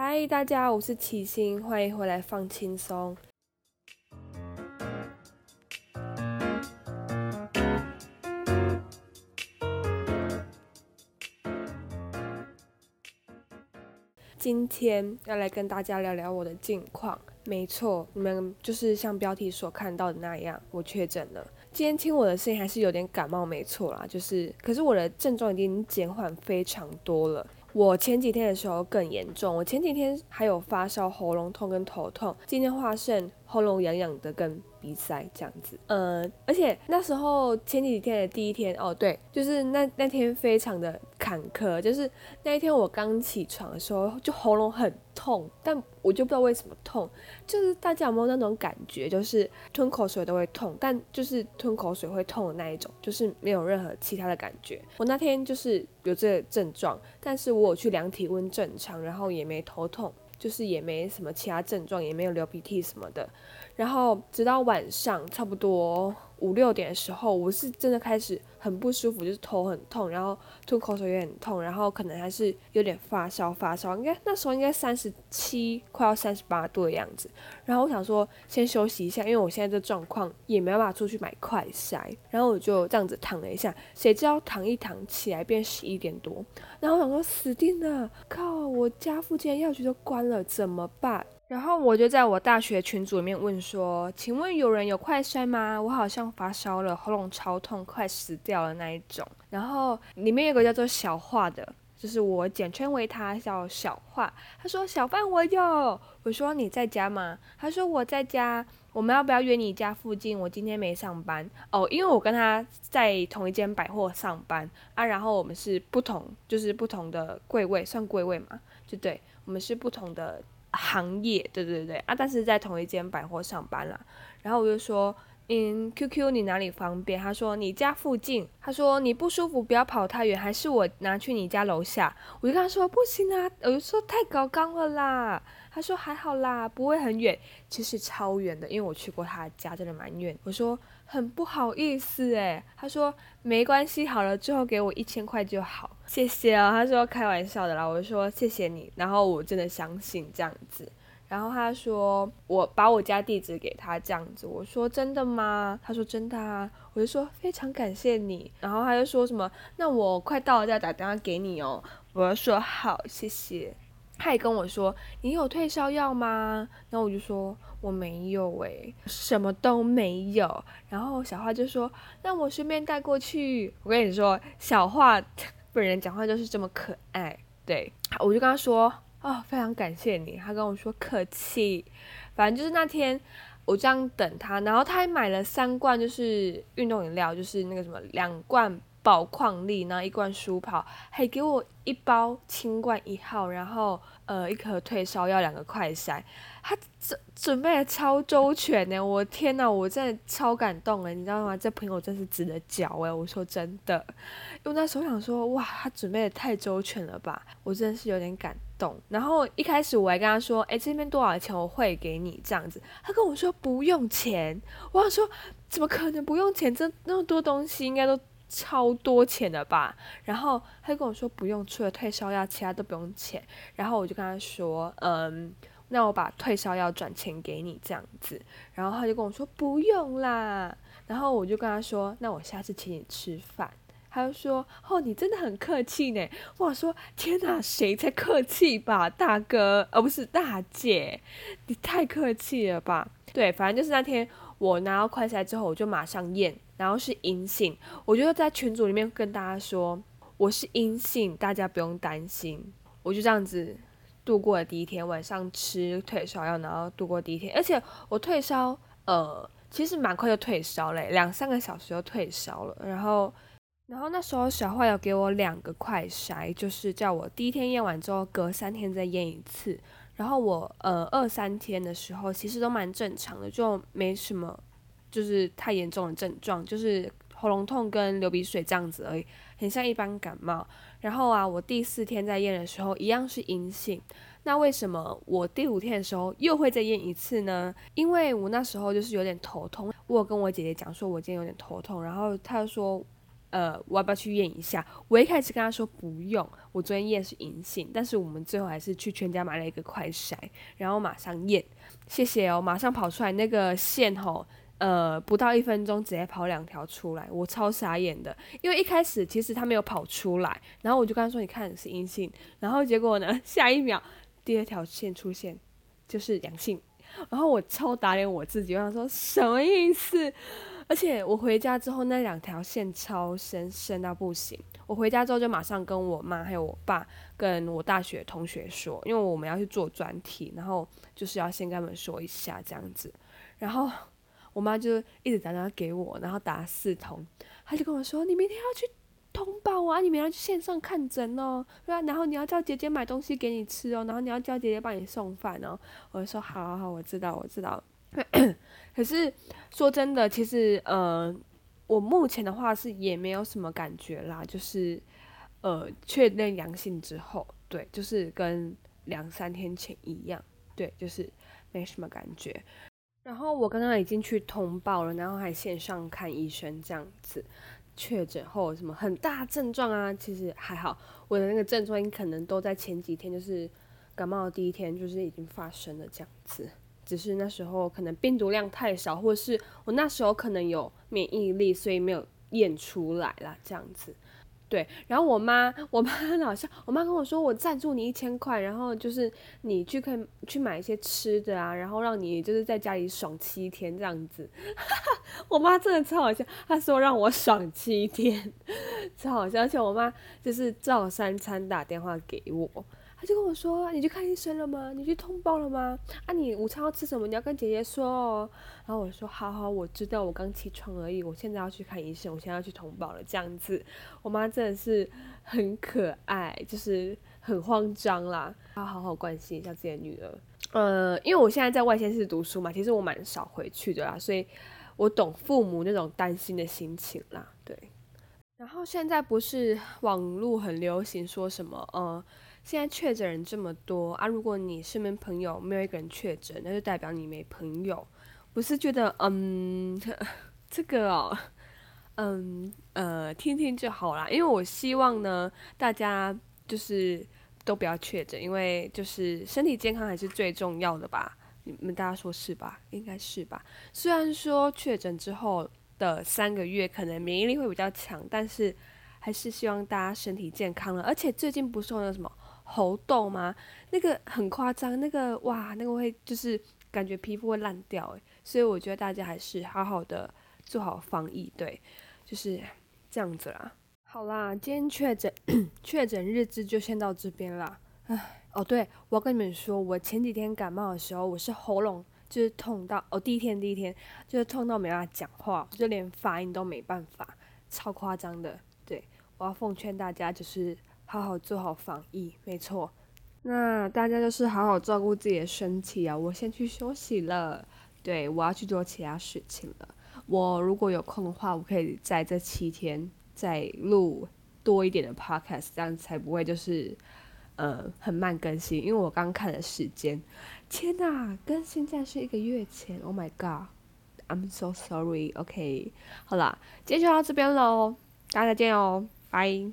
嗨，Hi, 大家，我是七星，歡迎回來放輕鬆。今天要來跟大家聊聊我的近況。沒錯，你們就是像標題所看到的那樣，我確診了。今天聽我的聲音還是有點感冒，沒錯啦，就是，可是我的症狀已經減緩非常多了。我前幾天的時候更嚴重，我前幾天還有發燒、喉嚨痛跟頭痛，今天化驗喉嚨癢癢的跟鼻塞這樣子，呃，而且那時候前幾天的第一天哦，對，就是那那天非常的。坎坷，就是那一天，我剛起床的時候就喉嚨很痛，但我就不知道為什麼痛。就是大家有沒有那種感覺，就是吞口水都會痛，但就是吞口水會痛的那一種，就是沒有任何其他的感覺。我那天就是有這個症狀，但是我有去量體溫，正常，然後也沒頭痛，就是也沒什麼其他症狀，也沒有流鼻涕什麼的。然後直到晚上差不多五六點的時候，我是真的開始很不舒服，就是頭很痛，然後吞口水也很痛，然後可能還是有點發燒，發燒應該那時候應該三十七快要三十八度的樣子。然後我想說先休息一下，因為我現在這狀況也沒有辦法出去買快篩，然後我就這樣子躺了一下，誰知道躺一躺起來變十一點多，然後我想說死定了，靠我家附近藥局都關了，怎麼辦？然後我就在我大學群組裡面問說：“請問有人有快篩嗎？我好像發燒了，喉嚨超痛，快死掉了那一種。”然後裡面有個叫做小畫的，就是我簡稱為他叫小畫，他說：“小范我有。”我說：“你在家嗎？”他說：“我在家。”我們要不要約你家附近？我今天沒上班哦，因為我跟他在同一間百貨上班啊。然後我們是不同，就是不同的櫃位，算櫃位嘛，就對，我們是不同的行業對對對啊，但是在同一間百貨上班了。然後我就說，嗯，QQ 你哪裡方便？他說，你家附近。他說，你不舒服，不要跑太遠，還是我拿去你家樓下。我就跟他說不行啊，我就說太高崗了啦。他說還好啦，不會很遠，其實超遠的，因為我去過他家，真的蠻遠的。我說。很不好意思誒、欸，他說沒關係，好了，最後給我一千塊就好，謝謝啊。他說開玩笑的啦，我就說謝謝你，然後我真的相信這樣子，然後他說我把我家地址給他這樣子，我說真的嗎？他說真的啊，我就說非常感謝你，然後他就說什麼，那我快到了再打電話給你哦，我就說好，謝謝。他也跟我說：“你有退燒藥嗎？”然後我就說：“我沒有哎、欸，什麼都沒有。”然後小花就說：“那我順便帶過去。”我跟你說，小花本人講話就是這麼可愛。對，我就跟他說：“哦，非常感謝你。”他跟我說：“客氣。”反正就是那天我這樣等他，然後他還買了三罐，就是運動飲料，就是那個什麼兩罐。寶礦力，那一罐舒跑，還給我一包清冠一號，然後呃，一盒退燒藥，兩個快篩，他這準備的超周全呢、欸！我天吶，我真的超感動了，你知道嗎？這朋友真是值得交誒、欸，我說真的，因為那時候想說，哇，他準備的太周全了吧！我真的是有點感動。然後一開始我還跟他說，誒，這邊多少錢？我匯給你這樣子。他跟我說不用錢。我想說，怎麼可能不用錢？這那麼多東西應該都。超多錢的吧，然後他就跟我說不用除了退燒藥，其他都不用錢。然後我就跟他說，嗯，那我把退燒藥轉錢給你這樣子。然後他就跟我說不用啦。然後我就跟他說，那我下次請你吃飯。他就說，哦，你真的很客氣呢。我說，天哪、啊，誰才客氣吧，大哥，而、哦、不是大姐，你太客氣了吧？對，反正就是那天我拿到快篩之後，我就馬上驗。然後是陰性，我就在群組裡面跟大家說我是陰性，大家不用擔心。我就這樣子度過了第一天，晚上吃退燒藥，然後度過第一天。而且我退燒，呃，其實蠻快就退燒嘞，兩三個小時就退燒了。然後，然後那時候小花有給我兩個快篩，就是叫我第一天驗完之後隔三天再驗一次。然後我，呃，二三天的時候其實都蠻正常的，就沒什麼。就是太嚴重的症狀，就是喉嚨痛跟流鼻水這樣子而已，很像一般感冒。然後啊，我第四天再驗的時候一樣是陰性，那為什麼我第五天的時候又會再驗一次呢？因為我那時候就是有點頭痛，我有跟我姐姐講說我今天有點頭痛，然後她就說，呃，我要不要去驗一下？我一開始跟她說不用，我昨天驗是陰性，但是我們最後還是去全家買了一個快篩，然後馬上驗，謝謝哦，馬上跑出來那個線吼。呃，不到一分鐘，直接跑兩條出來，我超傻眼的。因為一開始其實他沒有跑出來，然後我就跟他說：“你看是陰性。”然後結果呢，下一秒第二條線出現，就是陽性。然後我超打臉我自己，我想說什麼意思？而且我回家之後，那兩條線超深深到不行。我回家之後就馬上跟我媽、還有我爸、跟我大學同學說，因為我們要去做專題，然後就是要先跟他們說一下這樣子，然後。我媽就一直打電話給我，然後打四通，她就跟我說：“你明天要去通報啊，你明天要去線上看診哦，對吧、啊？然後你要叫姐姐買東西給你吃哦，然後你要叫姐姐幫你送飯哦。”我就說：“好，好，好，我知道，我知道。” 可是說真的，其實呃，我目前的話是也沒有什麼感覺啦，就是呃，確認陽性之後，對，就是跟兩三天前一樣，對，就是沒什麼感覺。然後我剛剛已經去通報了，然後還線上看醫生這樣子，確診後有什麼很大症狀啊？其實還好，我的那個症狀可能都在前幾天，就是感冒的第一天，就是已經發生了這樣子，只是那時候可能病毒量太少，或者是我那時候可能有免疫力，所以沒有驗出來啦。這樣子。對，然後我媽，我媽很好笑，我媽跟我說，我贊助你一千塊，然後就是你去可以去買一些吃的啊，然後讓你就是在家裡爽七天這樣子。哈哈，我媽真的超好笑，她說讓我爽七天，超好笑，而且我媽就是照三餐打電話給我。他就跟我說：“你去看醫生了嗎？你去通報了嗎？啊，你午餐要吃什麼？你要跟姐姐說哦。”然後我說：“好好，我知道，我剛起床而已。我現在要去看醫生，我現在要去通報了。”這樣子，我媽真的是很可愛，就是很慌張啦，要好好好關心一下自己的女兒。呃，因為我現在在外縣市讀書嘛，其實我蠻少回去的啦，所以我懂父母那種擔心的心情啦。對，然後現在不是網絡很流行說什麼？嗯，呃。現在確診人這麼多啊！如果你身邊朋友沒有一個人確診，那就代表你沒朋友。我是覺得，嗯，這個哦，嗯呃，聽聽就好啦。因為我希望呢，大家就是都不要確診，因為就是身體健康還是最重要的吧？你們大家說是吧？應該是吧？雖然說確診之後的三個月可能免疫力會比較強，但是還是希望大家身體健康了。而且最近不是那什麼？猴痘嗎？那個很誇張，那個哇，那個會就是感覺皮膚會爛掉誒，所以我覺得大家還是好好的做好防疫，對，就是這樣子啦。好啦，今天確診確診日志就先到這邊啦。唉，哦對，我要跟你們說，我前幾天感冒的時候，我是喉嚨就是痛到，哦第一天第一天就是痛到沒辦法講話，就連發音都沒辦法，超誇張的。對我要奉勸大家就是。好好做好防疫，沒錯。那大家就是好好照顧自己的身體啊！我先去休息了。對，我要去做其他事情了。我如果有空的話，我可以在這七天再錄多一點的 podcast，這樣子才不會就是呃很慢更新。因為我剛看了時間，天哪、啊，更新竟然是一個月前！Oh my god，I'm so sorry，okay。OK，好啦，今天就到這邊嘍，大家再見哦，拜。